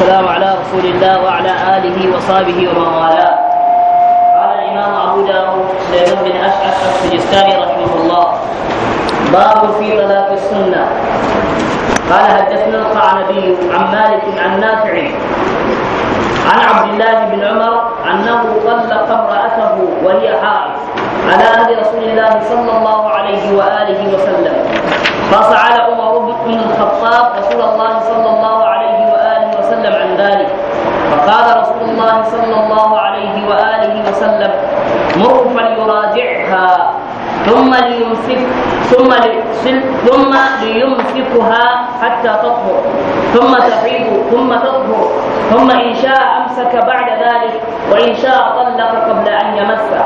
السلام على رسول الله وعلى آله وصحبه ومن والاه. قال الإمام أبو داود سليمان بن أشعث السجستاني رحمه الله. باب في طلاق السنة. قال حدثنا القعنبي عن مالك عن نافع عن عبد الله بن عمر أنه طلق امرأته وهي حائض على أهل رسول الله صلى الله عليه وآله وسلم. فصعد عمر بن الخطاب رسول الله صلى الله ذلك فقال رسول الله صلى الله عليه وآله وسلم مر فليراجعها ثم ليمسك ثم ليسل ثم ليمسكها حتى تطهر ثم تحيض ثم تطهر ثم إن شاء أمسك بعد ذلك وإن شاء طلق قبل أن يمسها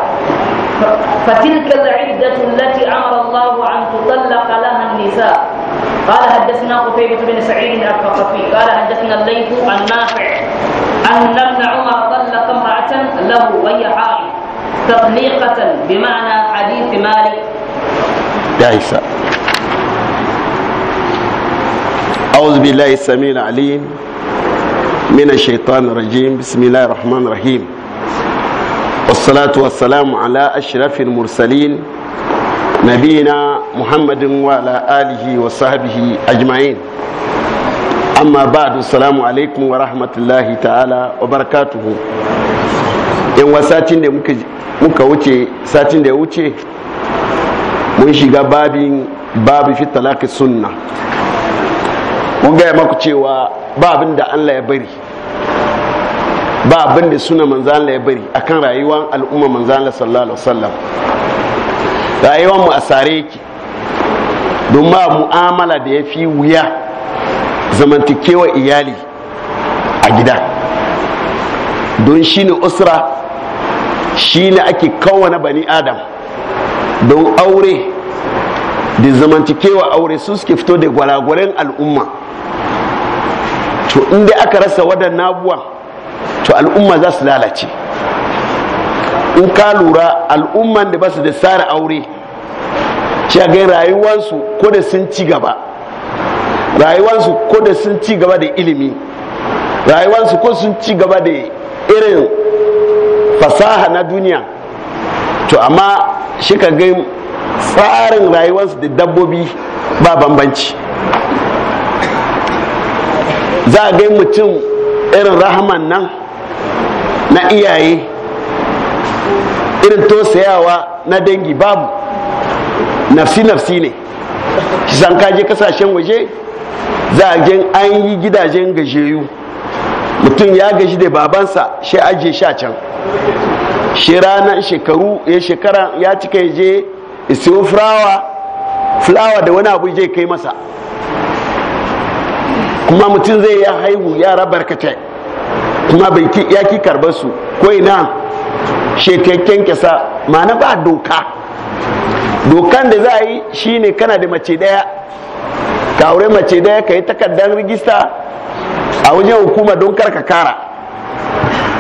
فتلك العدة التي أمر الله أن تطلق لها النساء قال حدثنا قتيبة بن سعيد الثقفي قال حدثنا الليث عن نافع أن ابن عمر طلق امرأة له وهي حائض تطليقة بمعنى حديث مالك يا عيسى أعوذ بالله السميع العليم من الشيطان الرجيم بسم الله الرحمن الرحيم والصلاة والسلام على أشرف المرسلين نبينا محمد وعلى آله وصحبه أجمعين أما بعد السلام عليكم ورحمة الله تعالى وبركاته yan satin da muka wuce satin da ya wuce mun shiga babin babu fi talaki sunna mun gaya maku cewa ba abin da allah ya bari ba abin suna manzan allah ya bari akan rayuwar al'umma manzan allah sallallahu alaihi wasallam rayuwar mu a sare yake don ma mu'amala da ya fi wuya zamantakewa iyali a gida don shi ne usra shi ne ake kawana bani adam don aure da zamantakewa aure su suke fito da gwalagwalen al'umma to inda aka rasa waɗannan abuwa to al'umma za su lalace in ka lura al'umman da ba su da tsara aure gai rayuwansu ko da sun ci gaba rayuwansu ko da sun ci gaba da ilimi rayuwansu ko sun ci gaba da irin fasaha na duniya to amma shi ka gai tsarin rayuwarsu da dabbobi ba bambanci za a gai mutum irin rahaman nan na iyaye irin tosayawa na dangi babu nafsi-nafsi ne kisan kaje kasashen waje za a gen an yi gidajen gajeyu mutum ya gaji da babansa shi aje sha can shi ranar shekaru ya shekara ya cika je isiyo fulawa fulawa da wani abu je kai masa kuma mutum zai ya haihu yara barkatai kuma ya ki karbar su ko ina shekakken kisa ma'ana ba doka dokan da za a yi shine kana da mace daya ka aure mace daya ka yi takardar rigista a wajen hukuma don karka kara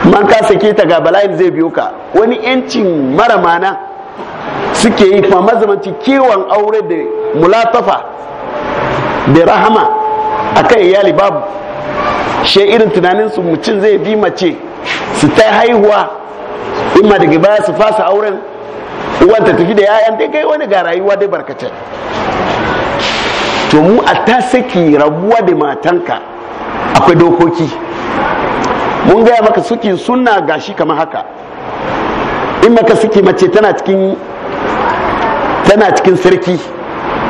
man ka sake ta ga bala'in zai biyo ka wani yancin mara mana suke yi kuma mazamanci kewan aure da mulatafa da rahama a kan iyali babu shi irin tunanin su mutum zai bi mace su ta haihuwa in ma daga baya su fasa auren uwan ta tafi da yayan dai kai wani ga rayuwa dai barkace to mu a ta saki rabuwa da matanka akwai dokoki mun gaya maka suki sunna gashi kamar haka in maka suki mace tana cikin tana cikin sarki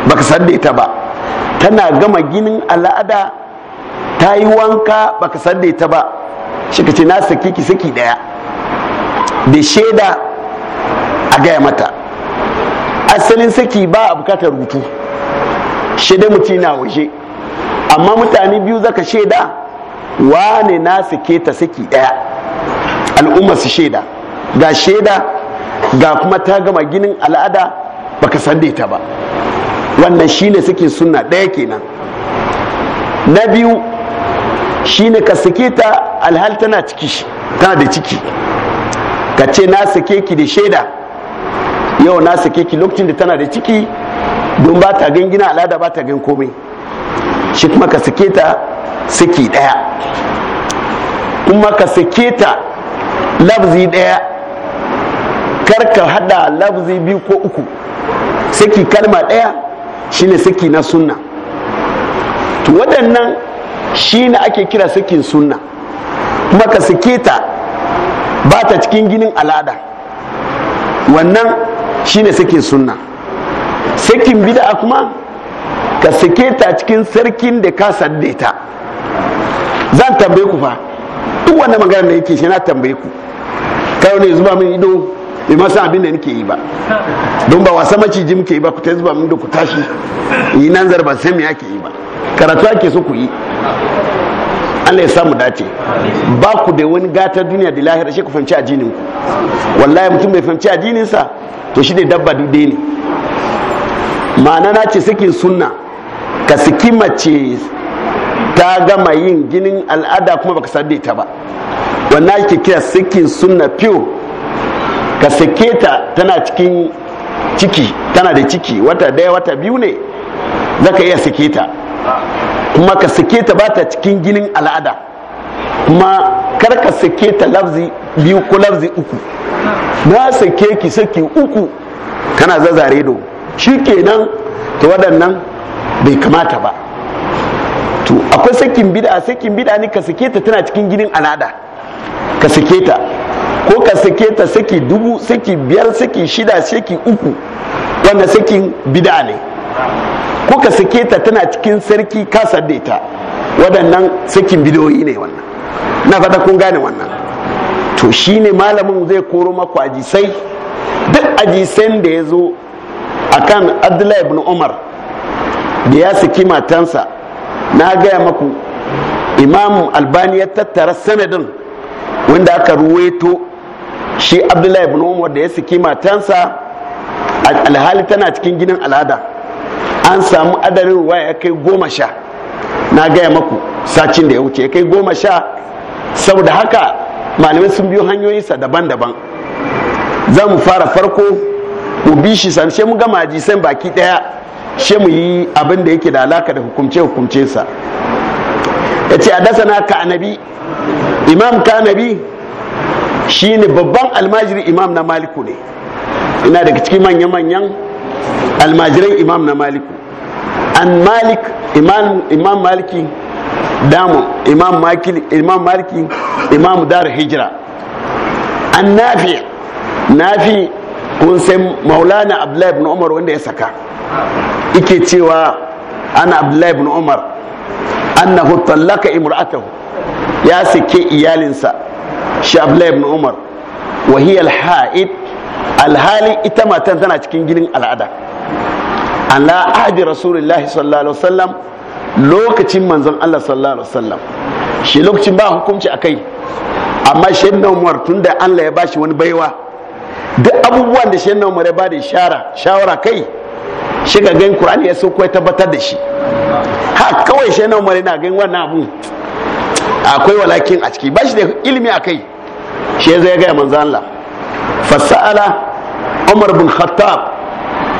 baka san da ita ba tana gama ginin al'ada ta yi wanka baka san da ita ba shi ka ce na saki ki saki daya da shaida a gaya mata asalin saki ba a bukatar rubutu shaida mutum na waje amma mutane biyu zaka shaida wane na sake ta saki daya al'ummar su shaida ga shaida ga kuma ta gama ginin al'ada baka san da ta ba wannan shine suke sunna ɗaya kenan na biyu shine ka sake ta alhal tana ciki tana da ciki ka ce na sake ki da shaida yau na sake ki lokacin da tana da ciki don ba ta gan gina al'ada ba ta gan komai shi kuma ka sake ta saki daya kuma ka sake ta labzi daya kar ka hada labzi biyu ko uku saki kalma daya shine saki na sunna to waɗannan shine ake kira sakin sunna kuma ka sake ta ba ta cikin ginin al'ada wannan shine sakin sunna sakin bid'a kuma ka sake ta cikin sarkin da ka sadde ta zan tambaye ku fa duk wanda magana da yake shi na tambaye ku kai ne zuba min ido in ma san abin da nake yi ba don ba wasa maciji muke yi ba ku ta zuba min da ku tashi yi nan zarba sai me yake yi ba karatu ake so ku yi Allah ya samu dace ba ku da wani gatar duniya da lahira shi ku fahimci jinin ku wallahi mutum bai fahimci addinin sa to shi ne dabba dude ne ma'ana na ce sakin sunna ka saki mace ta gama yin ginin al'ada kuma ba baka sadde ta ba wannan ake kira sikin sunna fiyo ka sake ta tana cikin ciki tana da ciki wata daya wata biyu ne zaka iya sake ta kuma ka sake ta ba cikin ginin al'ada kuma kar ka sake ta lafzi biyu ko lafzi uku na sake ki sake uku kana zazare do shi kenan ta waɗannan bai kamata ba to akwai sakin bida sakin bida ne ka sake ta tana cikin ginin al'ada ka sake ta ko ka sake ta saki dubu saki biyar saki shida saki uku wanda sakin bida ne kuka sake ta tana cikin sarki kasa da ita. waɗannan sakin bidoyi ne wannan na faɗa kun gane wannan to shi ne malamin zai koro maku ajisai duk ajisan da ya zo akan abdullahi ibn umar da ya saki matansa na gaya maku imam albani ya tattara sanadin wanda aka ruweto shi abdullahi ibn umar da ya saki matansa alhali tana cikin ginin al'ada an samu adadin ruwa ya kai goma sha na gaya maku sacin da ya wuce ya kai goma sha saboda haka malamai sun biyo hanyoyinsa daban-daban za mu fara farko mu bi shi san mu gama san baki daya she mu yi abin da yake da alaka da hukumce sa. ya ce a dasa na ka anabi imam ka anabi ne babban almajiri imam na maliku ne ina daga cikin manya-manyan almajiran imam na malik an malik imam, imam maliki damu imam makil imam maliki imam dar hijira an nafi nafi kun san maulana abdullahi ibn umar wanda ya saka ike cewa ana abdullahi ibn umar annahu tallaka imra'atahu ya sake iyalinsa shi abdullahi ibn umar wa hiya al-ha'id al-hali ita matan tana cikin ginin al'ada ala ahdi rasulullahi sallallahu alaihi wasallam lokacin manzon Allah sallallahu alaihi wasallam shi lokacin ba hukunci akai amma shaidna Umar tunda Allah ya bashi wani baiwa duk abubuwan da shaidna Umar ya bada shara shawara kai shi ga gan Qur'ani ya sauko ya tabbatar da shi ha kawai shaidna Umar yana gan wannan abu akwai walakin a ciki bashi da ilimi akai shi ya zai ga manzon Allah fasala Umar bin Khattab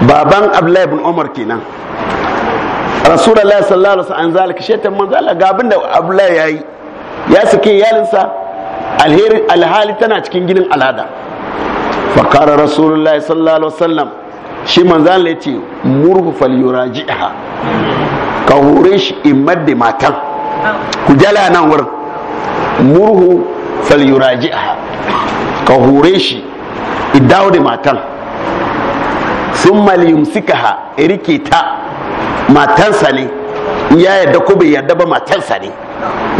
baban abdullahi bin umar kenan rasulullahi sallallahu alaihi wasallam zalika shaitan manzo Allah ga abinda abdullahi yayi ya sike yalinsa alheri alhali tana cikin ginin al'ada fa qara rasulullahi sallallahu alaihi wasallam shi manzo Allah yace murhu yuraji'ha ka hore shi in da matan ku jala nan wurin murhu yuraji'ha ka hore shi idawo da matan sun maliyun suka ha rike ta matansa ne ya yarda ko bai yarda ba matansa ne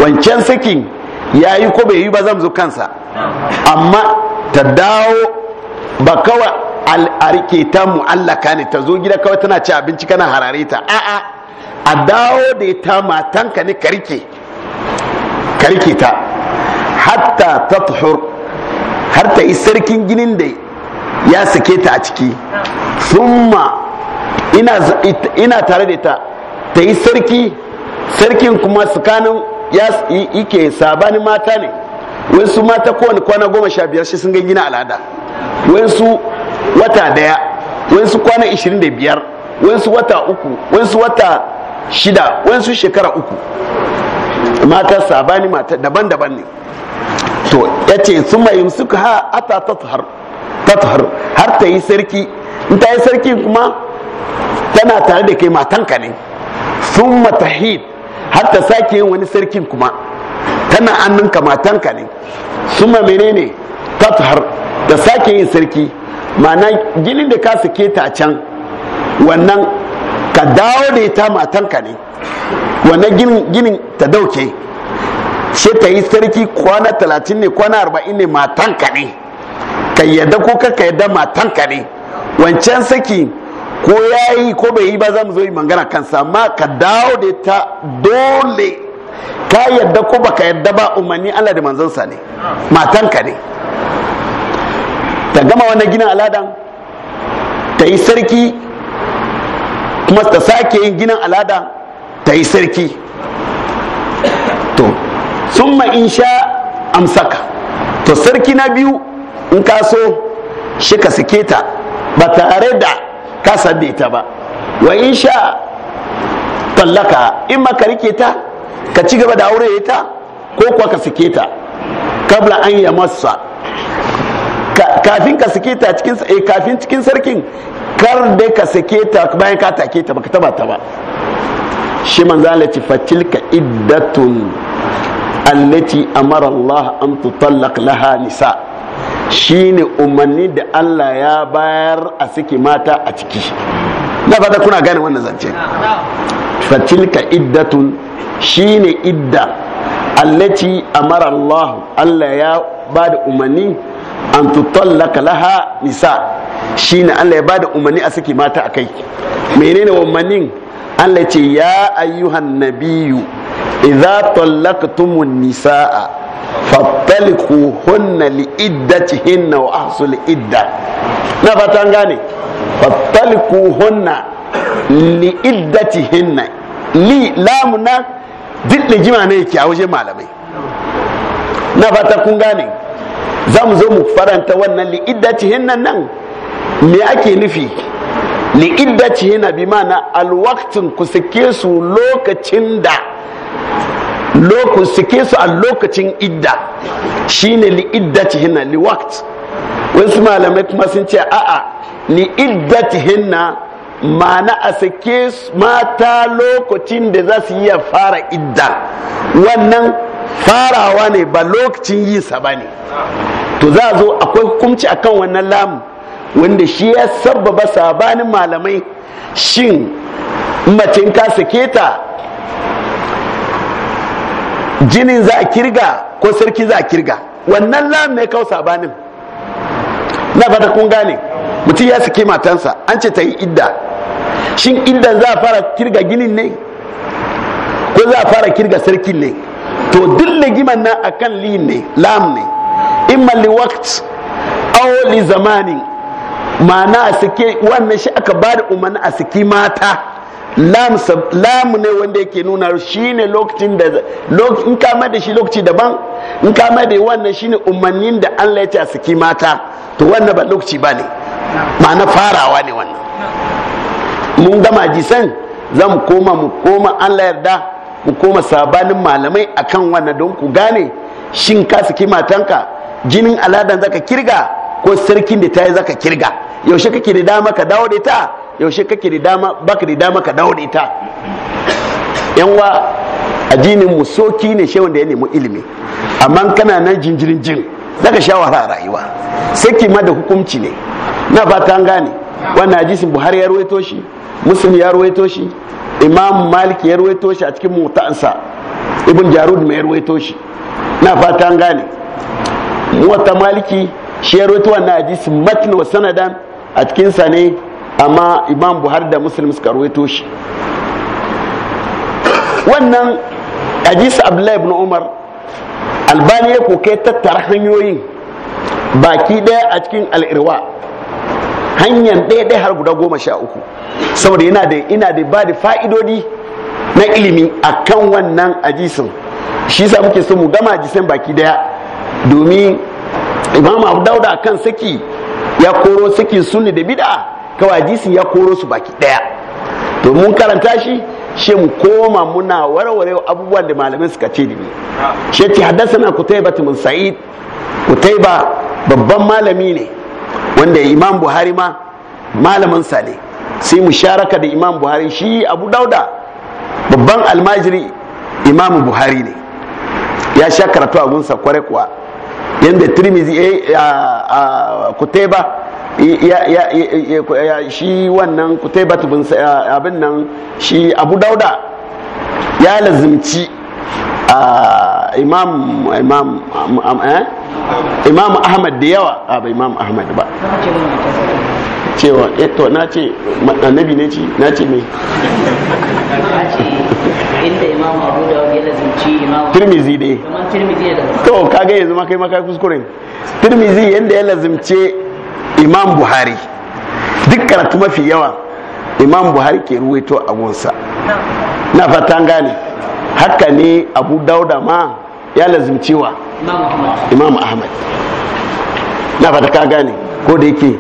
wancan sakin ya yi ko bai yi ba zan zo kansa amma ta dawo ba kawai rike ta mu'allaka ne ta zo gida kawai tana ci abinci kana harare ta a'a a dawo da ita matanka ne ka rike ta hatta ta har ta yi sarkin ginin da ya sake ta a ciki summa ina tare da ita ta yi sarki sarkin kuma tsakanin yake sabanin mata ne wasu mata kowane kwana goma sha biyar shi sun gangina al'ada wasu wata daya wasu kwana ishirin da biyar wasu wata uku wasu wata shida wasu shekara uku mata sabani mata daban-daban ne to ya ce sun mai suka ha ata tatuhar har ta yi sarki in ta yi sarki kuma tana tare da kai matanka ne sun matahid har ta sake yin wani sarkin kuma tana annanka matanka ne sun ma menene tathar da sake yin sarki ma'ana ginin da ka suke ta can wannan ka dawo da ita matanka ne wannan ginin ta dauke sai ta yi sarki kwana talatin ne kwana arba'in ne matanka ne ka yadda ko ka yadda matanka ne wancan saki ko ya yi ko bai yi ba za mu zo yi mangana kansa amma ka dawo da ta dole ka yadda ko baka yadda ba umarni Allah da manzansa ne matanka ne ta gama wannan gina aladan ta yi sarki kuma ta sake yin ginin alada ta yi sarki to sun ma in sha amsaka to sarki na biyu in ka so shi ka sake ta ba tare da kasar da ita ba wa in sha tallaka in maka ka rike ta ka ci gaba da aure ta ko kuwa ka sike ta kabla an yi masa kafin ka sike ta cikin eh, kafin cikin sarkin kar da ka sike ta bayan ka take ta baka taba ta ba shi manzo Allah ce fatilka iddatun allati amara Allah an tutallaq laha nisa' shine umarni da Allah ya bayar a saki mata a ciki na fata kuna gane wannan zance fatilka iddatun shine idda allaci amara Allah Allah ya ba da umarni an tutallaka laha nisa shine Allah ya ba da umarni a saki mata a kai menene umarnin Allah ce ya ayyuhan nabiyu idza tallaqtumun nisaa fattaliku hunna li hinna wa ahsul idda na fatan gane fattaliku hunna li hinna li lamuna dille jima ne yake a waje malamai na fata kun gane za mu zo mu faranta wannan li hinna nan me ake nufi li hinna bi mana alwaqtin ku sake su lokacin da suke su a lokacin idda shine li hinna li waqt wasu malamai kuma sun ce a'a li hinna ma'ana a sake mata lokacin da za su iya fara idda wannan farawa ne ba lokacin yi sa ba ne to za a zo akwai hukunci kan wannan lamu wanda shi ya sabbaba sabanin malamai shin mace ka sake ta jinin za a kirga ko sarki za a kirga wannan lam ne kawo sabanin na fata kun gane mutum ya sike matansa an ce ta yi idda shin idda za a fara kirga ginin ne ko za a fara kirga sarkin ne to duk ligiman nan akan li ne lam ne in li waqt aw li zamanin ma'ana a sike wannan shi aka ba da umarni a sike mata lamu ne wanda yake nuna shine lokacin da in kama da shi lokaci daban in kama da wannan shine umarnin da Allah ya ce a saki mata to wannan ba lokaci ba ne ma'ana farawa ne wannan mun gama jisan zan koma mu koma Allah yarda mu koma sabanin malamai akan wannan don ku gane shin ka saki matanka jinin aladan zaka kirga ko sarkin da ta yi zaka kirga yaushe kake da dama ka dawo da ta? yaushe kake da dama baka da dama ka dawo da ita yan wa addinin mu soki ne shi wanda ya nemi ilimi amma kana nan jinjirin jin daga shawara rayuwa sai kima da hukunci ne na ba an gane wannan hadisin buhari ya ruwaito shi muslim ya ruwaito shi imam malik ya ruwaito shi a cikin mutansa ibn jarud mai ruwaito shi na ba an gane ta maliki shi ya ruwaito wannan hadisin matn wa sanadan a cikinsa ne amma imam buhari da muslim suka ruwaito shi wannan hadis abdullahi ibn umar albani ya koke tattara hanyoyin baki daya a cikin al'irwa hanyar daya daya har guda goma sha uku saboda yana da ina da ba da fa'idodi na ilimi akan wannan hadisin shi sa muke so mu gama hadisin baki daya domin imam abu dauda akan saki ya koro saki sunni da bid'a kawai ya koro su baki daya to mun karanta shi shi mu koma muna warware abubuwan da malamin suka ce da ni shi ce haddasa kutaiba min sa'id kutaiba babban malami ne wanda imam buhari ma malamin sa sai mu sharaka da imam buhari shi abu dauda babban almajiri imam buhari ne ya sha karatu a gunsa kware kuwa yadda tirmizi eh, a kutaiba shi wannan kutaibat bin eh, abin nan shi abu dauda ya lazimci ah, imam imam eh, imam ahmad da yawa a ah, bai imam ahmad ba cewa eto eh, na ce annabi ne ci na ce mai inda imam tirmizi dai to kaga yanzu ma kai maka kuskure tirmizi yanda ya lazimce imam buhari duk karatu mafi yawa imam buhari ke ruwaito a gunsa na fatan gane haka ne abu dauda ma ya lazimcewa imam ahmad na fata ka gane ko da yake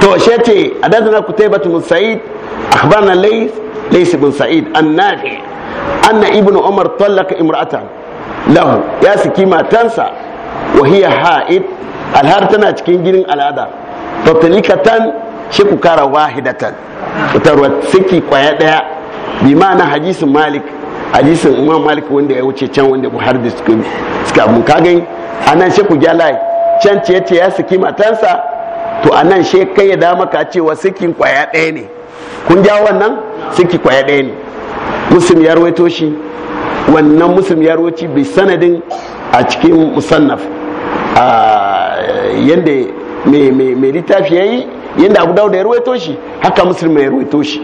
to she ce adadana kutaybatu mun sa'id akhbarna na lays bin sa'id an na anna ibnu umar tallaka imra'atan lahu ya saki matansa wa hiya ha'id alhar tana cikin ginin al'ada to shi ku kara wahidatan fitarwa siki kwaya daya bi ma'ana hadisin malik hadisin imam malik wanda ya wuce can wanda buhari da suka suka mun kagan anan shi ku gyalai can ce yace ya saki matansa to anan shi kai ya da maka cewa sikin kwaya daya ne kun ja wannan siki kwaya daya ne muslim ya rawaito shi wannan muslim ya rawaci bi sanadin a cikin musannaf yanda. mai littafi ya yi yadda abu dauda ya ruwaito shi haka musulmi ya ruwaito shi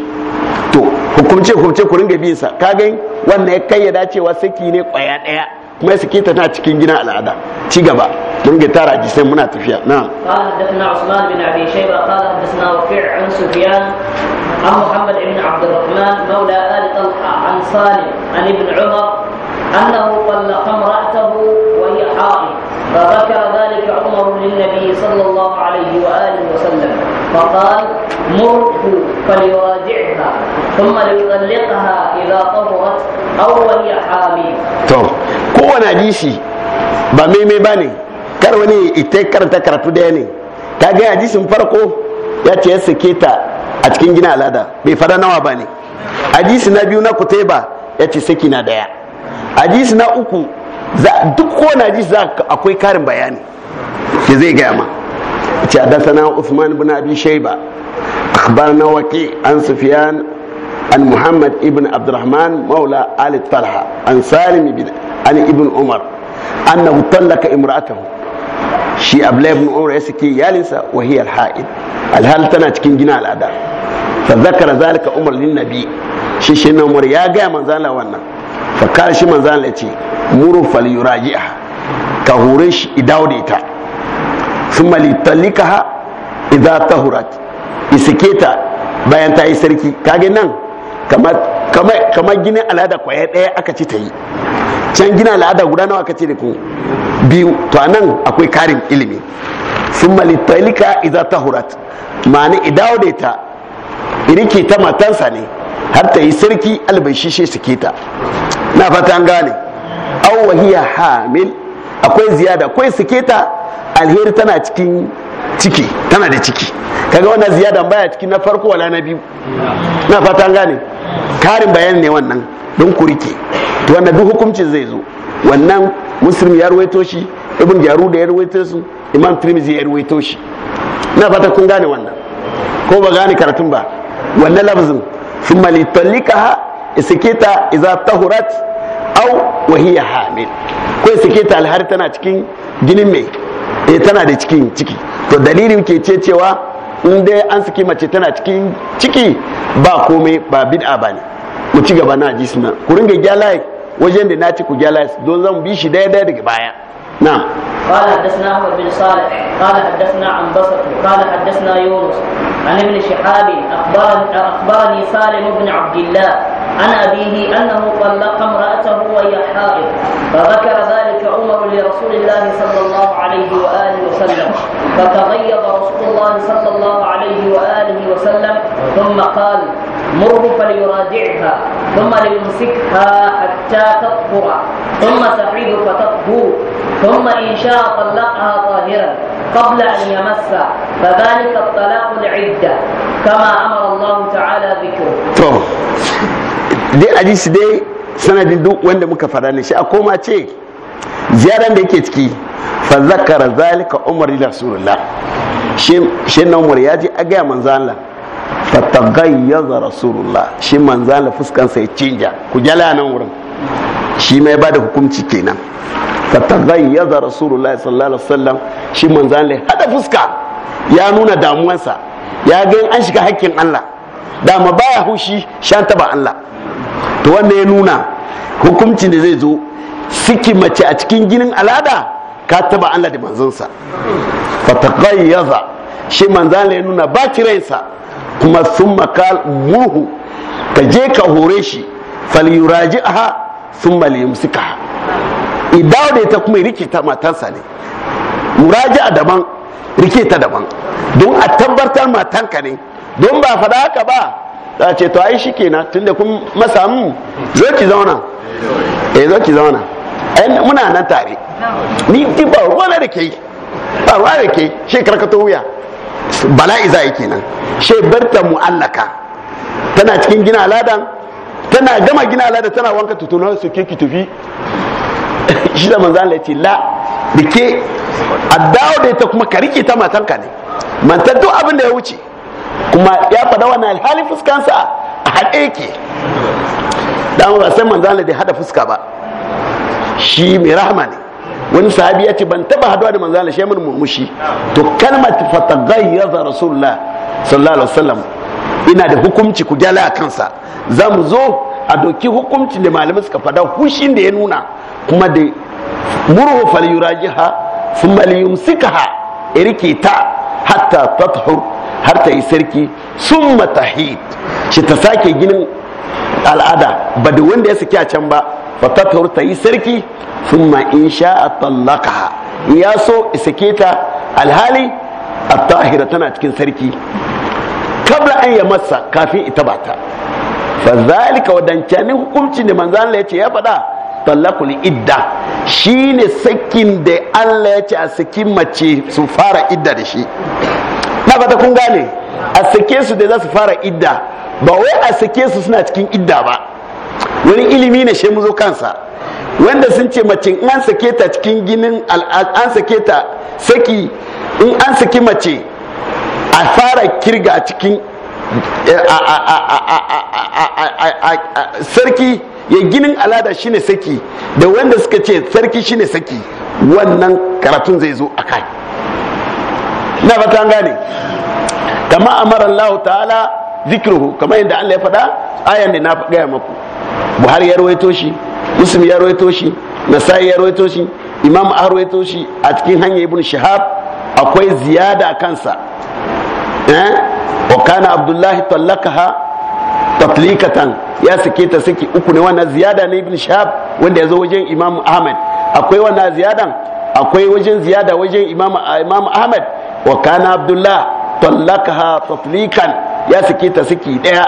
to hukumce hukumce ku ringa bin sa ka gan wannan ya kayyada cewa saki ne kwaya daya kuma saki ta tana cikin gina al'ada ci gaba mun ga tara jisai muna tafiya na qala hadathna usman bin abi shayba qala hadathna waqi' an sufyan an muhammad ibn abd الرحمن مولى ال طلحه عن صالح عن ابن عمر انه طلق امراته فذكر ذلك عمر للنبي صلى الله عليه وآله وسلم فقال مره فليراجعها ثم ليطلقها إذا طهرت أو وليحامي طب kowane hadisi ba maimai ba ne kar wani ita karanta karatu daya ne ka ga hadisin farko ya ce ya ta a cikin gina al'ada bai fada nawa ba ne hadisi na biyu na kuteba ya ce saki na daya hadisi na uku duk kowane ji za akwai karin bayani Ke zai gaya ma ce hadasana usman ibn Abi Shayba akhbarna Waqi an Sufyan an Muhammad ibn Abdurrahman maula Ali Talha an Salim ibn an ibn Umar annahu tallaka imra'atahu shi Abdullah ibn Umar ya saki yalinsa wa hiya haid alhal tana cikin gina al'ada fa zakara zalika Umar lin Nabi shi shi Umar ya ga manzala wannan fakar shi manzan Allah ce muru fal a, ka hore shi idawo da ita idan ta idza isike ta, bayan ta yi sarki kage nan kamar ginin al'ada kwaye daya aka ce ta yi can gina al'ada guda nawa aka ce da ku biyu to a nan akwai karin ilimi sun malittalika idan ta hurat ma'ani idawo da ita irike ta matansa ne har ta yi sarki albashi shi suke ta na fata an gane awwahiya hamil akwai ziyada akwai suke ta alheri tana cikin ciki tana da ciki kaga wannan ziyadan baya cikin na farko wala na biyu na fata an gane karin bayan ne wannan don ku rike to wannan duk hukuncin zai zo wannan muslim ya ruwaito shi ibn jaru da ya ruwaito su imam tirmidhi ya ruwaito shi na fata kun gane wannan ko ba gane karatun ba wannan lafzin ثم ليطلقها سكيتا إذا طهرت أو وهي حامل كوي سكيتا الهار تنا cikin جنين مي إيه تنا دي ciki, تكي تو دليل يمكي تيتيوا in dai an saki mace tana cikin ciki ba komai ba bid'a ba ne mu ci gaba na jisna ku ringa gyalaye wajen da na ci ku gyalaye don zan bi shi daya daya daga baya na'am قال حدثنا احمد بن صالح قال حدثنا عن بصر قال حدثنا يونس عن ابن شحاب اخبرني سالم بن عبد الله عن ابيه انه طلق امراته وهي حائض فذكر ذلك عمر لرسول الله صلى الله عليه واله وسلم فتغيظ رسول الله صلى الله عليه واله وسلم ثم قال مره فليراجعها ثم ليمسكها حتى تطهر ثم تعيد فتطهر ثم masa, شاء طلقها طاهرا قبل أن يمس فذلك الطلاق العدة كما أمر الله تعالى ذكره dai hadisi dai sanadin duk wanda muka fara ne shi a koma ce ziyaran da yake ciki fa zakara zalika umar ila rasulullah shi na umar ya je a gaya manzan Allah fa tagayyaza rasulullah shi manzan Allah fuskan sai canja ku jala nan wurin shi mai ba da hukunci kenan fatazayyaza rasulullahi sallallahu alaihi wasallam shi manzo Allah hada fuska ya nuna damuwansa, ya ga an shiga hakkin Allah dama baya hushi shan taba Allah to wannan ya nuna hukunci da zai zo siki mace a cikin ginin alada ka taba Allah da manzonsa fatazayyaza shi manzo Allah ya nuna baki raisa kuma sun makal muhu ka je ka hore shi falyuraji'aha sun maliyum suka idawo da ita kuma rike ta matansa ne muraja daban rike ta daban don a tabbatar matanka ne don ba faɗa haka ba za ce to ai shi kenan tunda kun masa mu zo ki zauna eh zo ki zauna muna nan tare ni ti ba ruwa da ke ba ruwa da ke shi karkato wuya bala'i za yi kenan shi barta mu'allaka tana cikin gina aladan tana gama gina alada tana wanka tutuna su ke ki tufi. shi da manzan Allah ce la da ke a dawo da ita kuma ka rike ta ka ne mantar duk abin da ya wuce kuma ya faɗa wannan alhali fuskansa a haɗe ke dan ba sai manzo Allah da hada fuska ba shi mai rahama ne wani sahabi ya ce ban taba haduwa da manzan Allah shi mun murmushi to kalmat fatagayyaza rasulullah sallallahu alaihi wasallam ina da hukunci ku gyala a kansa za mu zo a doki hukuncin da malamai suka fada hushin da ya nuna kuma da murhu fal yurajiha suka ha irki ta hatta tathur har ta yi sarki sun matahi shi ta sake ginin al'ada ba da wanda ya saki a can ba fa tathur ta yi sarki sun ma in sha tallaka tallaqaha ya so isake ta alhali a tahira tana cikin sarki kabla an ya masa kafin ita bata fa zalika wadancanin hukunci ne manzan Allah ce ya faɗa talakul idda shine sakin da Allah ce a sakin mace su fara idda da shi na fata kun gane a sake su da za su fara idda ba wai a sake su suna cikin idda ba wani ilimi ne shi mu zo kansa wanda sun ce mace an sake ta cikin ginin an sake ta saki in an saki mace a fara kirga cikin sarki ya ginin alada shine saki da wanda suka ce sarki shine saki wannan karatun zai zo a kai na fata gane kama amara Allah ta'ala zikiru kamar yadda Allah ya faɗa ayan da na gaya maku buhari ya rawaito shi muslim ya rawaito shi nasai ya rawaito shi imam a rawaito shi a cikin hanyar ibn shahab akwai ziyada kansa eh wa kana abdullahi tallaka ha tatlikatan ya sake ta saki uku ne wannan ziyada na ibn shahab wanda ya zo wajen imam ahmad akwai wannan ziyadan akwai wajen ziyada wajen imam imam ahmad wa kana abdullahi tallaka ha tatlikan ya sake ta saki daya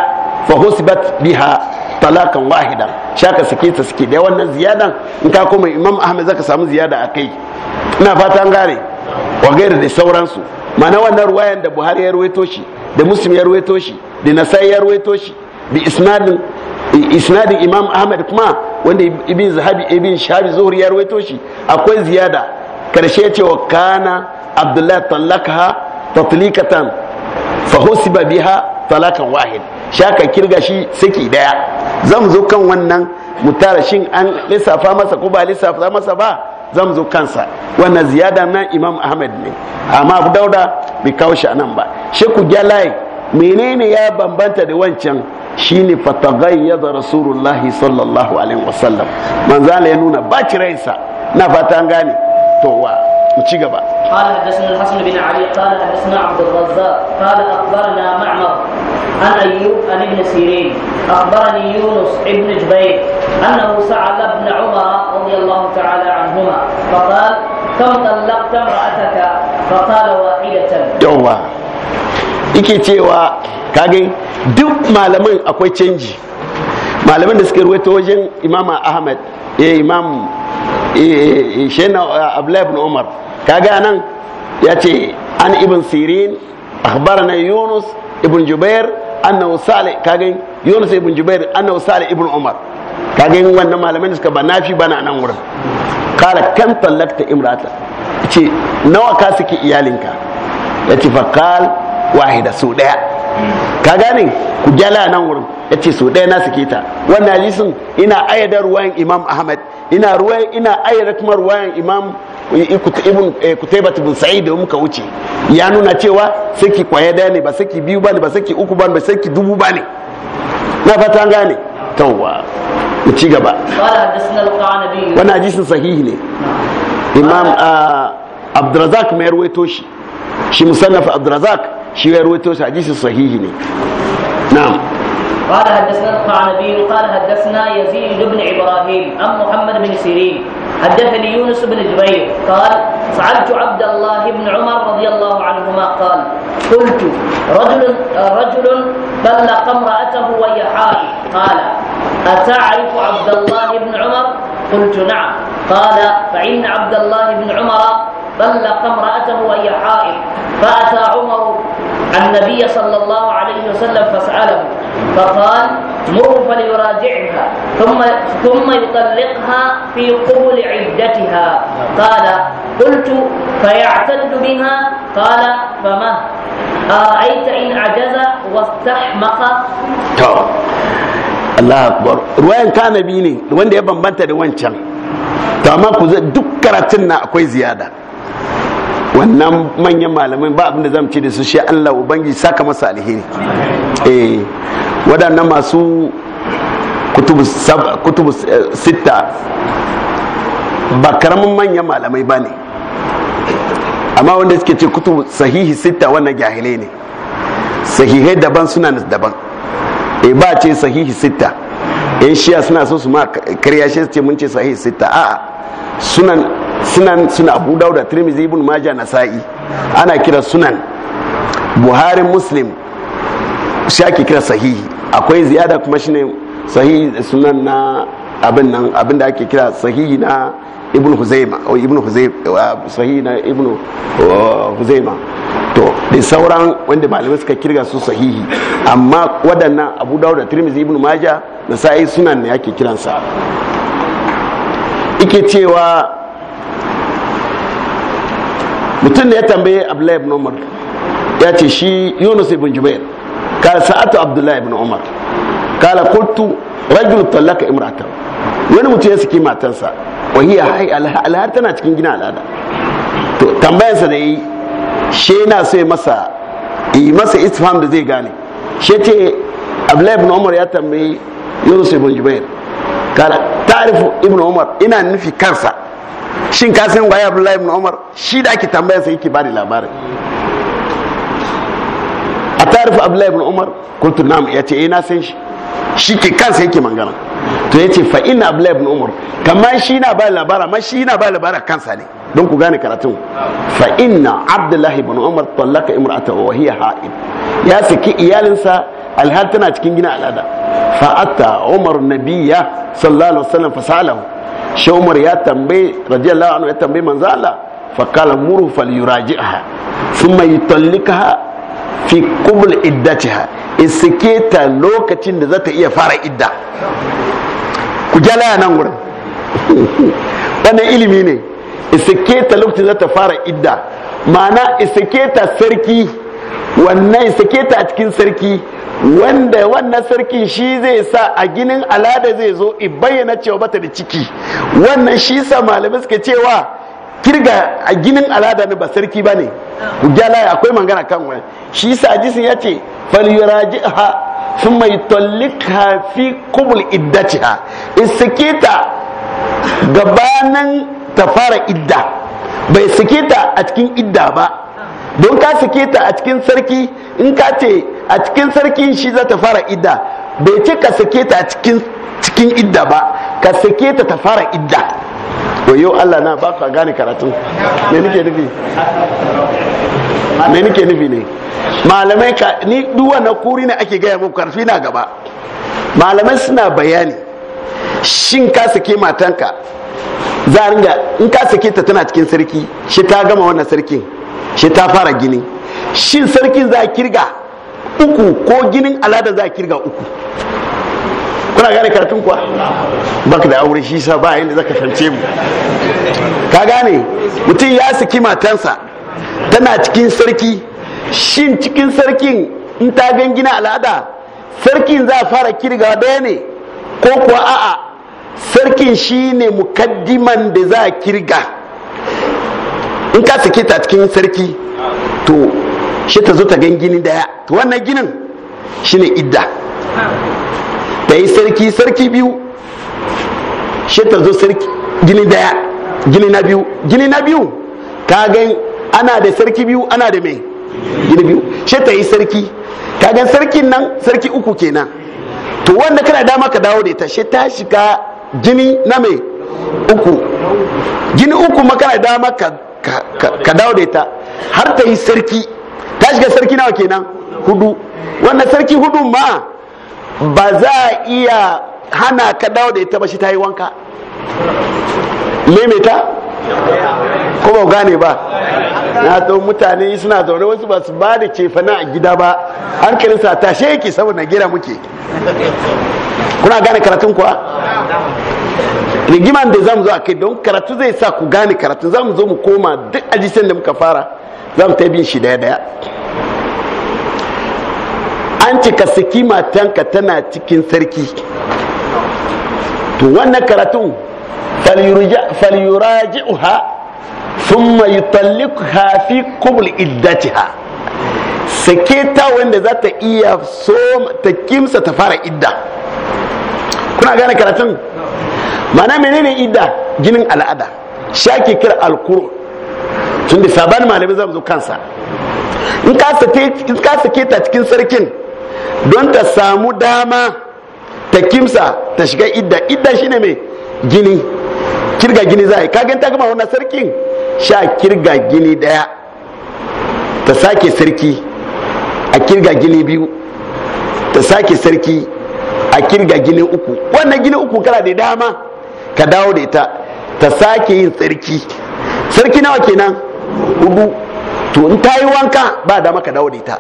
fa husibat biha talakan wahida shaka sake ta sake daya wannan ziyadan in ka koma imam ahmad zaka samu ziyada akai ina fata an gare wa gaira da sauransu mana wannan ruwayan da buhari ya ruwaito shi da muslim ya ruwaito shi da nasai ya ruwaito shi da isnadin isnadin imam ahmad kuma wanda ibn zahabi ibn shabi zuhri ya ruwaito shi akwai ziyada karshe ce wa kana abdullah tallakaha tatlikatan fa husiba biha talakan wahid shaka kirga shi saki daya zan zo kan wannan mutara shin an lissafa masa ko ba lissafa masa ba zan zo kansa wannan ziyada nan imam ahmed ne amma abu dauda bi kawo shi anan ba shi ku gyalaye menene ya bambanta da wancan shine fataghayyada rasulullahi sallallahu alaihi wasallam manzala ya nuna baci raisa na fata an gane to wa mu ci gaba قال حدثنا الحسن بن علي قال حدثنا عبد الرزاق قال اخبرنا معمر عن ايوب عن ابن سيرين اخبرني يونس ابن جبير انه سال ابن عمر رضي الله تعالى عنهما فقال كم طلقت امرأتك فقال واحدة يوه yake cewa kage duk malamin akwai canji malamin da suka ruwaito wajen imam ahmad eh imam shena abdullahi ibn umar kage nan ya ce an ibn sirin na yunus ibn jubair annahu salih kage yunus ibn jubair annahu salih ibn umar kaga yin wannan malamai da suka ba na fi bana nan wurin kala kan tallakta imrata ce nawa ka saki iyalinka ya ce fakal wahida su daya ka gane ku gyala nan wurin ya ce su daya na suke ta wannan hadisin ina ayyada ruwayan imam ahmad ina ruwayan ina ayyada kuma ruwayan imam eh, ibn eh, kutaibat bin sa'id da muka wuce ya nuna cewa saki kwaya daya ne ba saki biyu ba ne ba saki uku ba ne ba saki dubu ba ne na fata gane tawwa mu ci gaba wannan hadisin sahihi ne imam abdurrazak mai ruwaito shi shi musannaf abdurrazak shi ya ruwaito shi hadisin sahihi ne na'am قال حدثنا القعنبي قال حدثنا يزيد بن ابراهيم عن محمد بن سيرين حدثني يونس بن جبير قال فعلت عبد الله بن عمر رضي الله عنهما قال قلت رجل رجل بلغ امرأته وهي حائض قال أتعرف عبد الله بن عمر؟ قلت نعم قال فإن عبد الله بن عمر بلغ امرأته وهي حائض فأتى عمر النبي صلى الله عليه وسلم فسأله فقال مر فليراجعها ثم ثم يطلقها في قبل عدتها قال قلت فيعتد بها قال فما أرأيت إن عجز واستحمق الله أكبر روان كان بيني wanda ya bambanta da wancan to amma ku duk karatun na akwai ziyada wannan manyan malamai ba abinda zan ce da su shi Allah ubangiji saka masa alheri eh wadannan masu kutubu eh, sita ba karamin manyan malamai ba ne amma wanda suke ce kutubu sahihi sita wannan jahilai ne sahihai daban suna daban eh ba ce sahihi sita yan shiya suna so su ma karya shi ce mun ce sahihi sita a'a sunan sunan suna abu dauda tirmizi ibn maja nasa'i ana kira sunan buhari muslim shi ake kira sahihi akwai ziyada kuma shine sahihi sunan na abin nan abin da ake kira sahihi na ibn huzaima o ibn huzaima uh, sahihi na ibn uh, huzaima to da sauran wanda malamai suka kirga su sahihi amma waɗannan abu dauda da tirmizi ibn maja da sa'i sunan ne ake kiransa ike cewa mutum da ya tambaye abdullahi ibn umar ya ce shi yunus ibn jubair kala sa'atu abdullahi ibn umar kala kultu rajul tallaka imratan wani mutum ya saki matansa wa hiya hay alhar tana cikin gina al'ada to tambayansa da yi she na so ya masa yi masa isfam da zai gane she ce abdullahi ibn umar ya tambayi yunus ibn jubair kala ta'rifu ibn umar ina nufi kansa shin ka san waye abdullahi ibn umar shi da ake tambaya sai yake bani labari. a tarifu abdullahi ibn umar kuntu na'am ya ce eh na san shi shi ke kansa yake mangana to ya ce fa'ina abdullahi ibn umar kamar shi na ba labara ma shi na ba labara kansa ne don ku gane karatun fa inna abdullahi ibn umar tallaka imra'ata wa hiya ha'id ya saki iyalinsa alhal tana cikin gina al'ada fa atta umar nabiyya sallallahu alaihi wasallam fasalahu shi umar ya tambe radiyallahu anhu ya tambaye manzo Allah fa qala muru falyuraji'ha thumma yutallikaha fi qubl iddatiha isike ta lokacin da zata iya fara idda ku jala nan gurin wannan ilimi ne isike ta lokacin zata fara idda ma'ana isike ta sarki wannan isike ta a cikin sarki wanda wannan sarki shi zai sa a ginin alada zai zo i bayyana cewa bata da ciki wannan shi sa malamai suka cewa kirga a ginin alada ne ba sarki ba ne gyala akwai magana kan wani shi sa jisun ya ce ha sun mai tallika fi kubul ha in sake ta gabanin ta fara idda bai suke ta a cikin idda ba don ka sake ta a cikin sarki in ka ce a cikin sarki shi za ta fara idda bai ce ka sake ta a cikin idda ba ka sake ta ta fara idda wayo Allah na ba ka gane karatun me nake nufi me nake nufi ne malamai ka ni duwa na kuri ne ake gaya muku karfi na gaba malamai suna bayani shin ka sake matanka za ringa in ka sake ta tana cikin sarki shi ta gama wannan sarkin shi ta fara gini shin sarkin za a kirga uku ko ginin alada za a kirga uku kuna gane karatun kuwa baka da aure shi sa ba yadda ka fance mu ka gane mutum ya saki matansa tana cikin sarki shin cikin sarkin in ta gangina al'ada sarkin za fara kirga daya ne ko kuwa a'a sarkin shi ne mukaddiman da za a kirga in ka sake ta cikin sarki to shi ta zo ta gan gini daya to wannan ginin shine idda ta yi sarki sarki biyu shi ta zo sarki gini daya gini na biyu gini na biyu ka gan ana da sarki biyu ana da mai gini biyu shi ta yi sarki ka gan sarkin nan sarki uku kenan to wanda kana dama ka dawo da ita shi ta shiga gini na mai uku gini uku makana dama ka ka dawo da ita har ta yi sarki ta shiga sarki nawa kenan hudu wannan sarki hudu ma ba za a iya hana ka dawo da ita ba shi ta yi wanka lemeta ko ba gane ba na zo mutane suna zaune wasu ba su ba da cefana a gida ba hankalinsa tashe yake saboda gira muke kuna gane karatun kuwa rigiman da zamu zo a kai don karatu zai sa ku gane karatu zamu zo mu koma duk ajisan da muka fara zamu ta bin shi daya daya an cika siki matanka tana cikin sarki to wannan karatun falyuraji'uha thumma yutalliqha fi qubl iddatiha sake ta wanda za ta iya so ta kimsa ta fara idda kuna gane karatun mana menene idda jinin al'ada shake kira alkuru tun da sabani malami zan zo kansa in ka sake ta cikin sarkin don ta samu dama ta kimsa ta shiga idda idda shine mai gini. kirga gini za a yi kagan ta gama wannan sarkin sha kirga gini daya ta sake sarki a kirga gini biyu ta sake sarki a kirga gini uku wannan gini uku kana da dama ka dawo da ita ta sake yin sarki sarki nawa kenan hudu to in ta yi wanka ba dama ka dawo da ita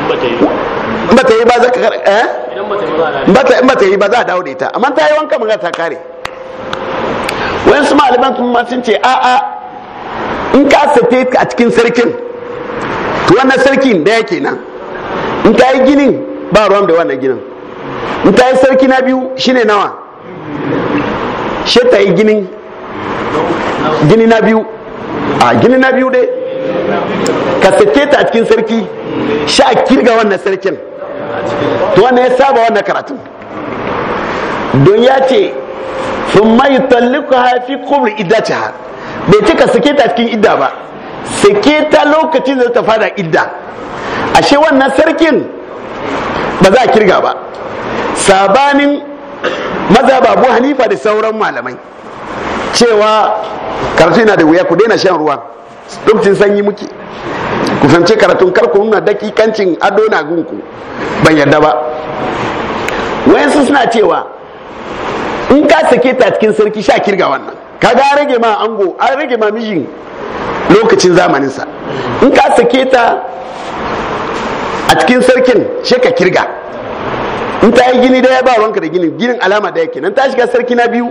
in ba ta yi ba za a dawo da ita amma ta yi wanka magana ta kare su maliban kuma sun ce a'a in ka sate a cikin sarkin to wannan sarkin daya kenan in ka yi ginin ba ruwan da wannan ginin in ta yi sarki na biyu shine nawa shi ta yi ginin gini na biyu a gini na biyu dai ka sake ta a cikin sarki sha a kirga wannan sarkin to wannan ya saba wannan karatun don ya ce sun mai talliku haifi kubur har bai cika sake ta cikin idda ba sake ta lokacin da ta fara idda ashe wannan sarkin ba za a kirga ba sabanin maza babu hanifa da sauran malamai cewa karatu yana da wuya ku daina shan ruwa lokacin sanyi muke ku fahimci karatun karku nuna dakikancin ado na gunku ban yarda ba wayansu suna cewa in ka sake ta cikin sarki sha kirga wannan ka an rage ma ango an rage ma mijin lokacin zamaninsa in ka sake ta a cikin sarkin she ka kirga in ta yi gini daya ba ruwanka da ginin ginin alama daya kenan ta shiga sarki na biyu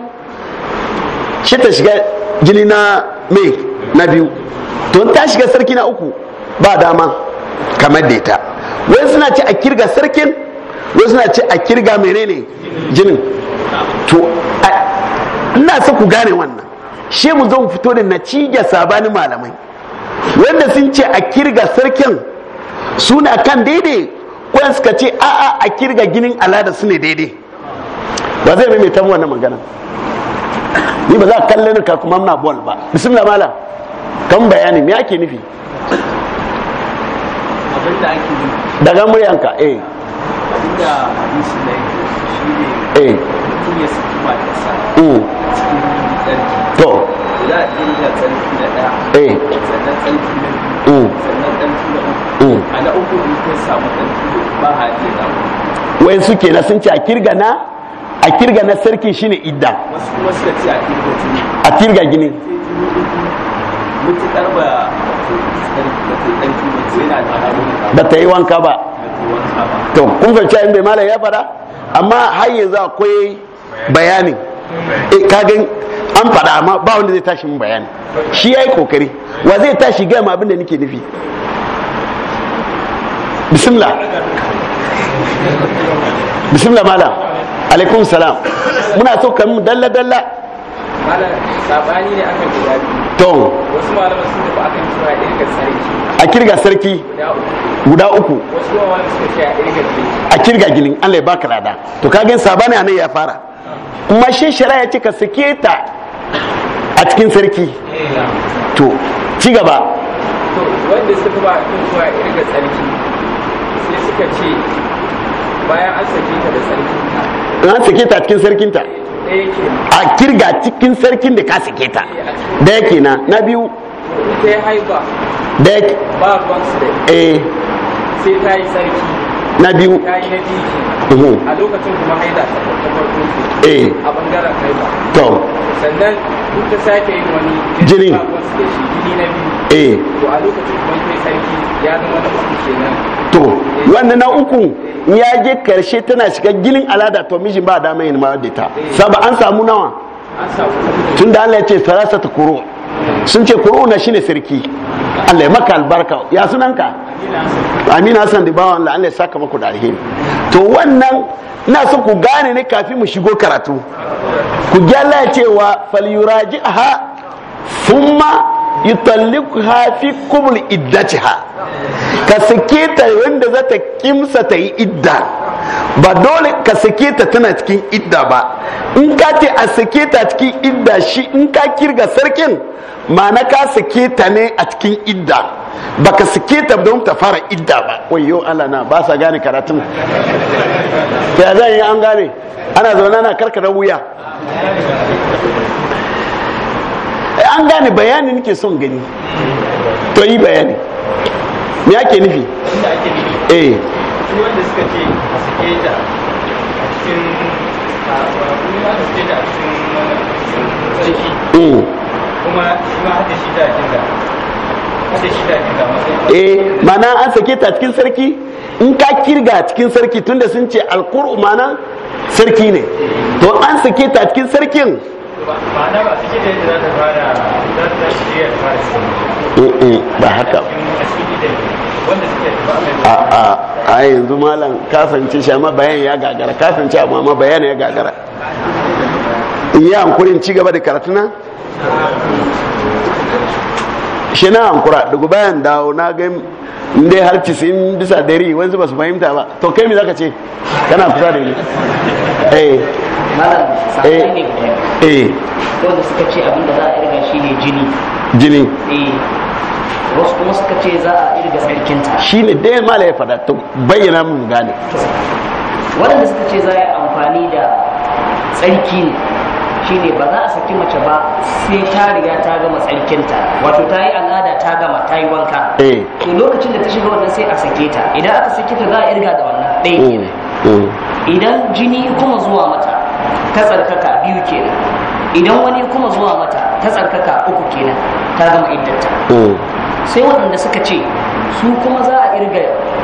shi ta shiga gini na mai na biyu to ta shiga sarki na uku ba dama kamar da ita wai suna ce a kirga sarkin wai suna ce a kirga menene jinin to ina so ku gane wannan she mu mu fito da natija sabani malamai wanda sun ce a kirga sarkin suna kan daidai kuma suka ce a'a a kirga ginin alada su ne daidai ba zai maimaita wannan magana ni ba za a kalle ka kuma muna bol ba bismillah mala kan bayani me ake nufi daga muryanka eh eh mutum ya saki matarsa da wayan suke na sun ce a kirga na a kirga na sarki shine idda a kirga gini a kirga gini mutukar ba ta yi wanka ba to kun fahimci inda malam ya fara amma har yanzu akwai bayanin eh, ka kagan an faɗa amma ba wanda zai tashi min bayani shi ya yi kokari wa zai tashi gaya ma abinda nake nufi bismillah bismillah mala alaikun salam muna so kan dalla dalla sabani ne akan guda to wasu malaman sun tafi akan cewa irga sarki a kirga sarki guda uku wasu malaman suka ce a irga a kirga gilin Allah ya baka rada to kagen sabani anan ya fara mashe shari'a ce ka sake ta a cikin sarki to ci gaba wanda suka ba kuwa irga sarki sai suka ce bayan an sake ta da ta an sake ta a cikin ta? Eh, a kirga cikin sarkin da ka sake ta da yake na na biyu ta yi haifa da yake ba ruwan su da sai ta yi sarki na biyu a lokacin kuma haida eh a bangaren haida to sannan duk ta sake yin wani jini jini na biyu eh to a lokacin kuma kai sarki ya zama da uku kenan to eh. wannan na uku ya je karshe tana shiga gilin alada to mijin ba dama yin ma da ta eh. saba an samu nawa tun da Allah ya ce ta kuro' sun ce korona shine sarki Allah ya maka albarka ya ka Amina Hassan da bawan Allah Allah ya saka maku da alheri to wannan ina so ku gane ne kafin mu shigo karatu ku gyalla cewa falyuraji'ha thumma yutalliquha fi kumul iddatiha ka sake ta wanda za ta kimsa ta yi idda ba dole ka sake ta tana cikin idda ba in ka ce a sake ta cikin idda shi in ka kirga sarkin ma'ana ka sake ta ne a cikin idda baka sake ta don ta fara idda ba wayo ala na ba sa gane karatun ta zan yi an gane ana zaune na karkara wuya eh, an gane bayanin nake son gani to yi bayani me ake nufi eh wanda suka ce a sake ta a cikin eh mana an sake ta cikin sarki in ka kirga cikin sarki tunda sun ce alkur'u mana sarki ne to an sake ta cikin sarkin ba haka a a a yanzu malam kasance shi amma bayan ya gagara kasance amma bayan ya gagara in yi hankurin cigaba gaba da karatu na shi na hankura daga bayan dawo na gan dai har cisin bisa dari wanzu ba su fahimta ba to kai me zaka ce kana kusa da ni eh eh eh da suka ce abin da za a irga shi ne jini jini eh wasu kuma suka ce za a irga sarkinta shi ne dai mala ya fada to bayyana mun gane waɗanda suka ce za a yi amfani da tsarki ne shine ba za a saki mace ba sai ta riga ta gama tsarkinta wato ta yi al'ada ta gama ta yi wanka eh. to lokacin da ta shiga wannan sai a sake ta idan aka sake ta za a irga da wannan ɗaya mm. Mm. idan jini kuma zuwa mata ta tsarkaka biyu kenan idan wani kuma zuwa mata ta tsarkaka uku kenan ta gama iddata mm. sai waɗanda suka ce su kuma za a irga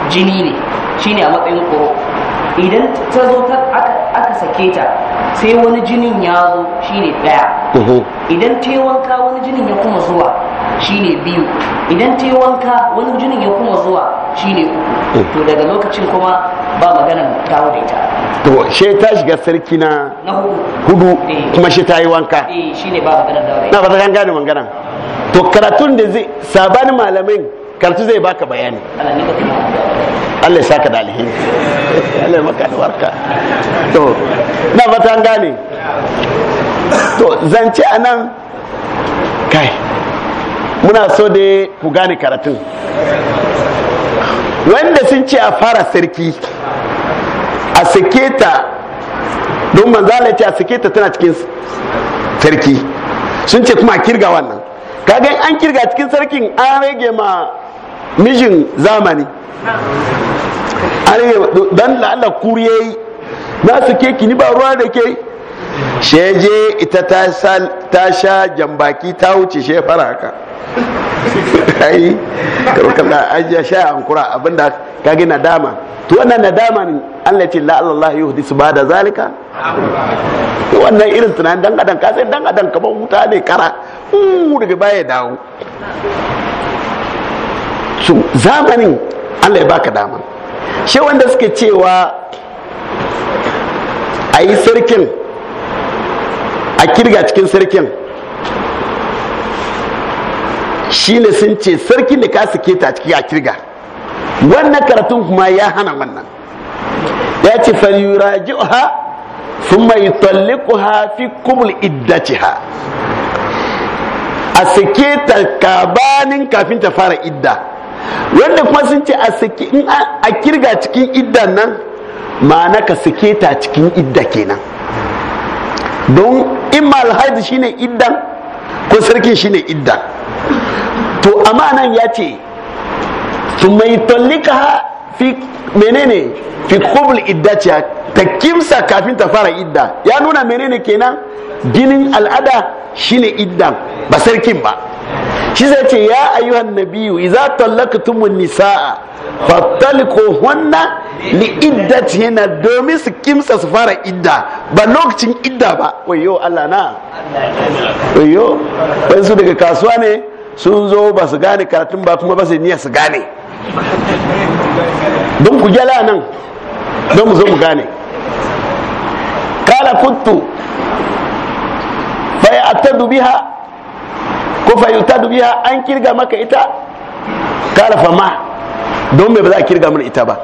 jini ne shine a matsayin koro idan ta zo ta aka sake ta sai wani jinin ya zo shine daya idan ta yi wanka wani jinin ya kuma zuwa shine biyu idan ta yi wanka wani jinin ya kuma zuwa shine uku to daga lokacin kuma ba magana ta da ita to shi ta shiga sarki na hudu eh. kuma she ta yi wanka eh, shine ba maganan da na ba ta gane maganan to karatun da zai sabanin malamin, karatu zai baka bayani Allah ya saka da alheri Allah ya maka albarka to na fata an gane to zance anan kai muna so da ku gane karatun wanda sun ce a fara sarki a sake ta don manzala ce a sake ta tana cikin sarki sun ce kuma a kirga wannan kaga an kirga cikin sarkin an rage ma mijin zamani dan la'alla Kuriya yi na su keki ni ba ruwa da ke sheje ita ta sha jambaki ta wuce she fara haka ai karkata an ya sha hankura abinda ka gina dama to wannan nadama ne Allah ce la Allah yuhdisu ba da zalika wannan irin tunanin dan adam ka sai dan kamar wuta ne kara daga baya dawo su zamanin allah ya baka dama shi wanda suke cewa a yi sarkin a kirga cikin sarkin shi ne sun ce sarkin da ka suke ta ciki a kirga wannan karatun kuma ya hana wannan ya ce mai thumma ha fi kubul ha a sake ta kabanin kafin ta fara idda wanda kuma sun ce a saki in a kirga cikin iddan nan ma'ana ka sake ta cikin idda kenan don in alhaji shine iddan ko sarki shine iddan to amma nan ya ce su mai tallika fi menene fi kubul ce ta kimsa kafin ta fara idda ya nuna menene kenan ginin al'ada shine iddan ba sarkin ba shi zai ce ya ayyuhan nabiyu idza tallaqtumun nisaa fattaliquhunna li iddatihinna domin su kimsa su fara idda ba lokacin idda ba wayo Allah na wayo wai su daga kasuwa ne sun zo ba su gane karatun ba kuma ba su niyya su gane don ku gyala nan don mu zo mu gane kala kuntu fa ya biha ko fa yutadu biha an kirga maka ita kala fa ma don me ba za a kirga mana ita ba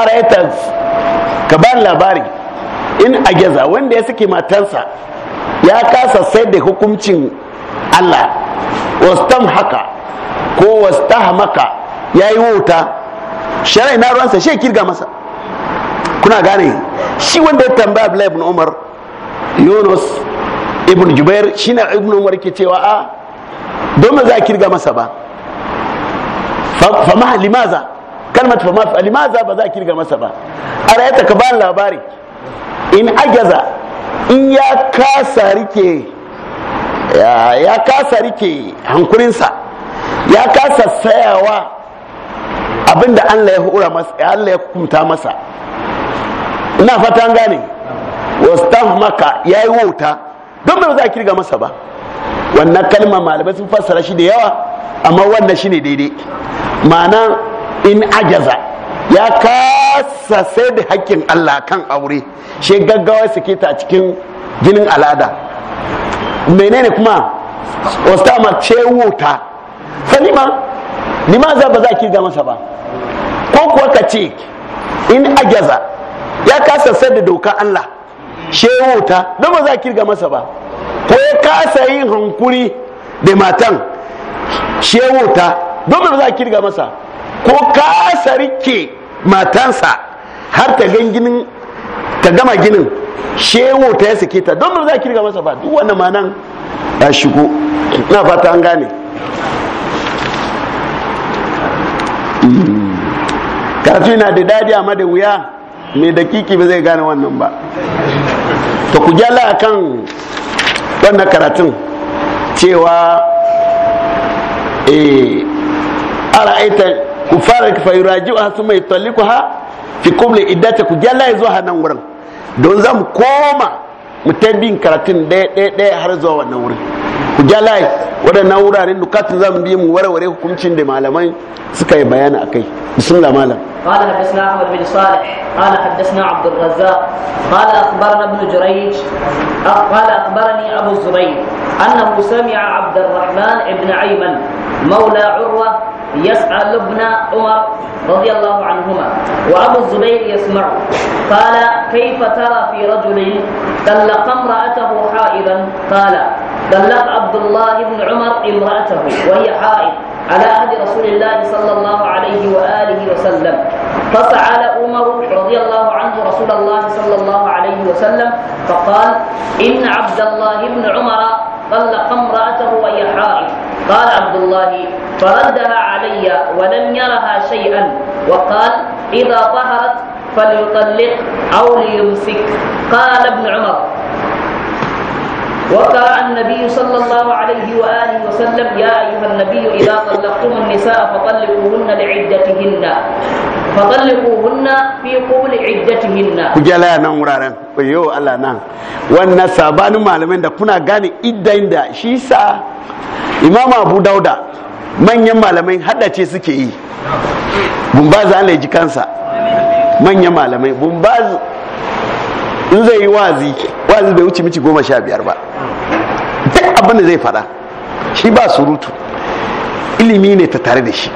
araita ka ba labari in a geza wanda ya saki matansa ya kasa sai da hukuncin Allah wastam haka ko wastahmaka ya yi wuta shari'a na ruwansa shi kirga masa kuna gane shi wanda ya tambaya Abdullahi ibn Umar Yunus ibn jubair shine ibn umar ke cewa a ah, don ma za a kirga masa ba fama limaza kalmat fama limaza ba za a kirga masa ba a rayata ka ba labari in agaza in ya kasa rike ya kasa rike hankurinsa ya kasa sayawa abinda Allah ya hura masa Allah ya hukunta masa ina fatan gane ya yi wauta don ba za a kirga masa ba wannan kalma malamai sun fassara shi da yawa amma wannan shine daidai ma'ana in ajaza ya kasa sai da hakkin Allah kan aure shi gaggawa suke ta cikin jinin al'ada menene kuma ostama ce wuta sanima nima za ba za a kirga masa ba ko kuwa ka ce in ajaza ya kasa sai da doka Allah shewuta don ba za kirga masa ba ko ya kasa yin hankuri da matan shewuta don ba za kirga masa ko kasa rike matansa har ta ganginin ta gama ginin shewuta ya sake ta don ba za kirga masa ba duk wannan manan ya shigo na fata an gane karatu na da dadi amma da wuya mai dakiki ba zai gane wannan ba to ku gyala kan wannan karatun cewa eh ara'aita ku fara fa yuraji'uha thumma ha fi kumle iddati ku gyala zuwa nan wurin don za mu koma mu bin karatun ɗaya ɗaya har zuwa wannan wurin jalais waɗannan wuraren dukkan zamu bi mu warware hukuncin da malamai suka yi bayani akai bismillah malam قال حدثنا احمد بن صالح قال حدثنا عبد الرزاق قال اخبرنا ابن جريج قال اخبرني ابو الزبير انه سمع عبد الرحمن بن ايمن مولى عروه يسال ابن عمر رضي الله عنهما وابو الزبير يسمع قال كيف ترى في رجل طلق امراته حائضا قال طلق عبد الله بن عمر امرأته وهي حائض على عهد رسول الله صلى الله عليه وآله وسلم فسأل عمر رضي الله عنه رسول الله صلى الله عليه وسلم فقال إن عبد الله بن عمر طلق امرأته وهي حائض قال عبد الله فردها علي ولم يرها شيئا وقال إذا طهرت فليطلق أو ليمسك قال ابن عمر وقرأ النبي صلى الله عليه وآله وسلم يا أيها النبي إذا طلقتم النساء فطلقوهن لعدتهن فطلقوهن في قول عدتهن كجلا نان ورارن yo Allah nan wannan sabanin malamin da kuna gane دا شيسا shi sa Imam Abu Dauda manyan malamai hadace suke yi Bumbaz Allah ya ji kansa manyan malamai Bumbaz in zai yi wazi wazi bai wuce miki goma sha biyar ba abin da zai fada shi ba surutu ilimi ne ta tare da shi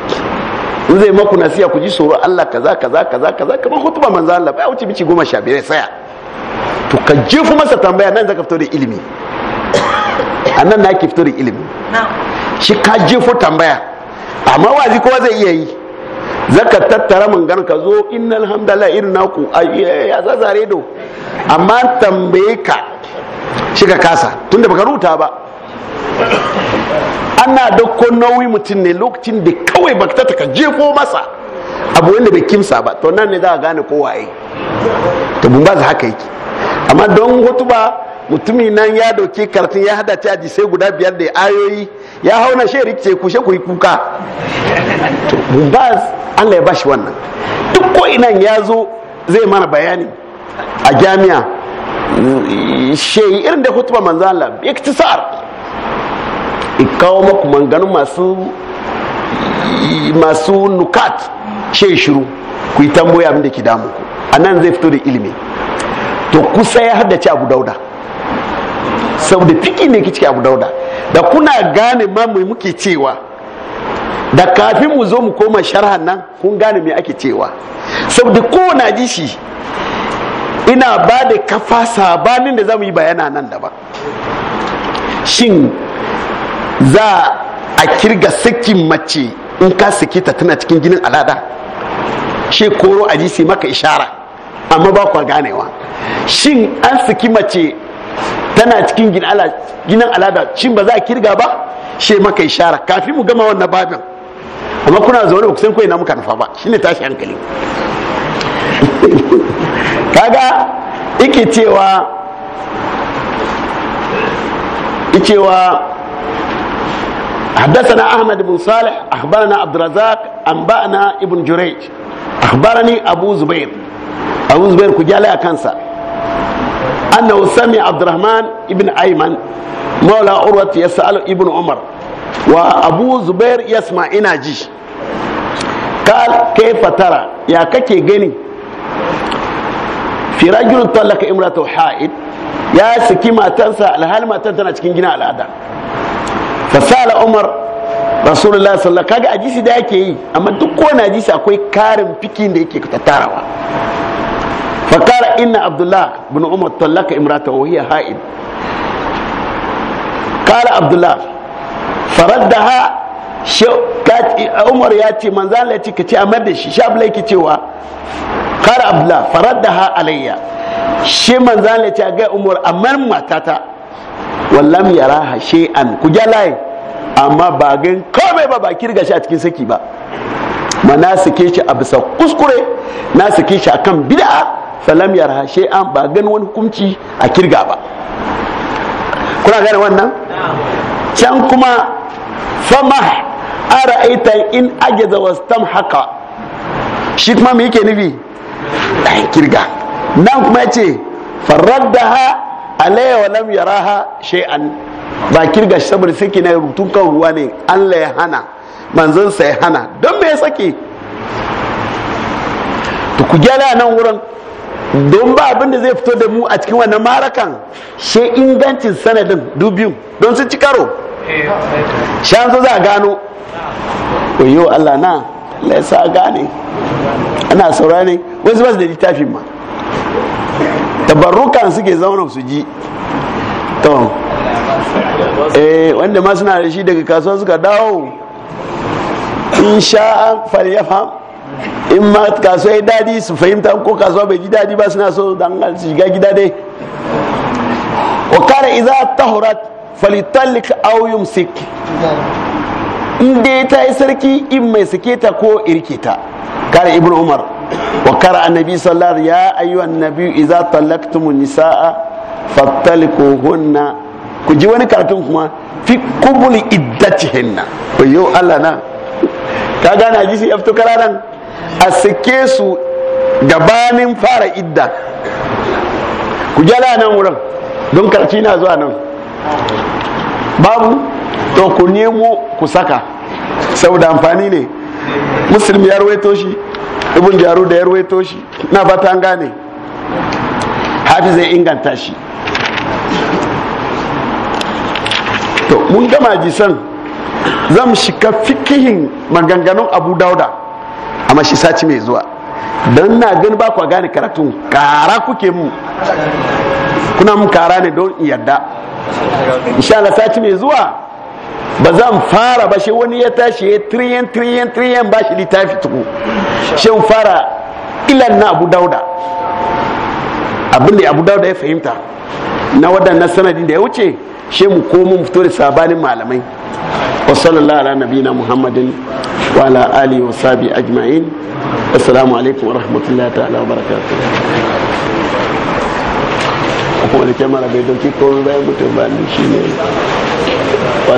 in zai maku nasiya ku ji tsoro Allah kaza kaza kaza kaza kamar hutuba manzo Allah ya wuce bici goma sha biyar saya to ka jefu masa tambaya nan zaka fito da ilimi a nan na ki fito da ilimi shi ka jefu tambaya amma wazi kowa zai iya yi zaka tattara mangan ka zo innal hamdalillah irin naku ya zazare do amma tambaye ka shi ka kasa tunda baka ruta ba ana dauko nauyi mutum ne lokacin da kawai bakta ta jefo masa abu wanda bai kimsa ba to nan ne za a gane kowaye to za haka yake amma don hutuba mutumi nan ya dauki karatun ya hada ta sai guda biyar da ayoyi ya hauna shi rikice kushe ku kuka to bumbaz Allah ya bashi wannan duk ko inan ya zo zai mana bayani a jami'a shi irin da hutuba manzo Allah iktisar kawo maku manganu masu masu nukat ce shiru ku yi tamboya abin da ke damu a nan zai fito da ilimi to kusa ya haddace abu dauda saboda fiki ne ciki abu dauda da kuna gane ma mai muke cewa da kafin mu zo mu koma sharhan nan kun gane me ake cewa saboda kowane ji shi ina ba da kafa sabanin da za mu yi bayana nan da ba shin za a kirga sakin mace in ka saki ta tana cikin ginin alada she koro a jisi maka ishara amma ba kwa ganewa shin an saki mace tana cikin ginin alada shin ba za a kirga ba she maka ishara kafin mu gama wannan babin amma kuna zaune ba kusan koyi na muka nufa ba shine tashi hankali kaga ike cewa cewa حدثنا أحمد بن صالح أخبرنا عبد الرزاق أنبأنا ابن جريج أخبرني أبو زبير أبو زبير كجالة كانسا أنه سمع عبد الرحمن ابن أيمن مولى عروة يسأل ابن عمر وأبو زبير يسمع إناجي قال كيف ترى يا كتي جني في رجل طلق امرأة حائد يا سكي ما تنسى لهل ما تنسى cikin gina al'ada fasala umar rasulullah sallallahu kaga ajisi da yake yi amma duk kowane ajisi akwai karin fikin da yake tattarawa fakara inna abdullah bin umar tallaka imrata wa hiya ha'id kala abdullah a umar ya ce manzan laici ka ce a da shi sha abulai ke cewa kara abdullah ha alayya shi manzan laici a ga umar a matata wallam hashe shay'an ku jalaye amma ba gan kome ba ba kirga shi a cikin saki ba ma na sake shi a bisa kuskure na sake shi akan bid'a falam yaraha shay'an ba gan wani hukunci a kirga ba kuna gane wannan can kuma fama aita in ajaza wastam haka shi kuma me yake nufi kirga nan kuma yace ha. alaya wa lam yaraha shay'an ba kirga shi saboda saki na rubutun kan ruwa ne Allah ya hana manzon sa ya hana don me ya saki to ku gyara nan wurin don ba abin da zai fito da mu a cikin wannan marakan shi ingancin sanadin dubiyu don su ci karo shan za a gano oyo Allah na Allah sa gane ana saurare wasu ba su da littafin ma tabarrukan suke zauna su ji to eh wanda ma suna da shi daga kasuwa suka dawo in sha'a falyafa in ma kasuwa ya dadi su fahimta ko kasuwa bai ji dadi ba suna so dan shiga gida dai wa kare iza tahurat falitalik aw yumsik in dai ta yi sarki in mai sike ta ko irke ta kare ibnu umar وقرا النبي صلى الله عليه وسلم يا ايها النبي اذا طلقتم النساء فطلقوهن كجي وني كارتون كما في قبل إدتهن ويو الله نا كاغانا ناجي سي افتو كرانن اسكيسو fara فار ku كجلا nan wurin دون كارتينا na zuwa nan babu to ku nemo ku saka sau da amfani ne musulmi ya ruwaito shi abin jaru da ya ruwaito shi na fata ta gane hafi zai inganta shi to mun gama jisan zan shika fikihin maganganun abu dauda a shi saci mai zuwa don na gani ba kwa gane karatun kara kuke mu kuna mu kara ne don yadda insha Allah mai zuwa ba zan fara ba shi wani ya tashi ya tiriyan tiriyan tiriyan ba shi littafi tuku shi fara ilan na abu dauda abin da abu dauda ya fahimta na waɗannan sanadin da ya wuce shi mu komo mu fito da sabanin malamai wa sallallahu ala nabiyina muhammadin wa ala alihi wa sabi ajma'in assalamu alaikum wa rahmatullahi ta'ala wa barakatuh kuma da kyamara bai dauki komai bayan mutum ba ni ne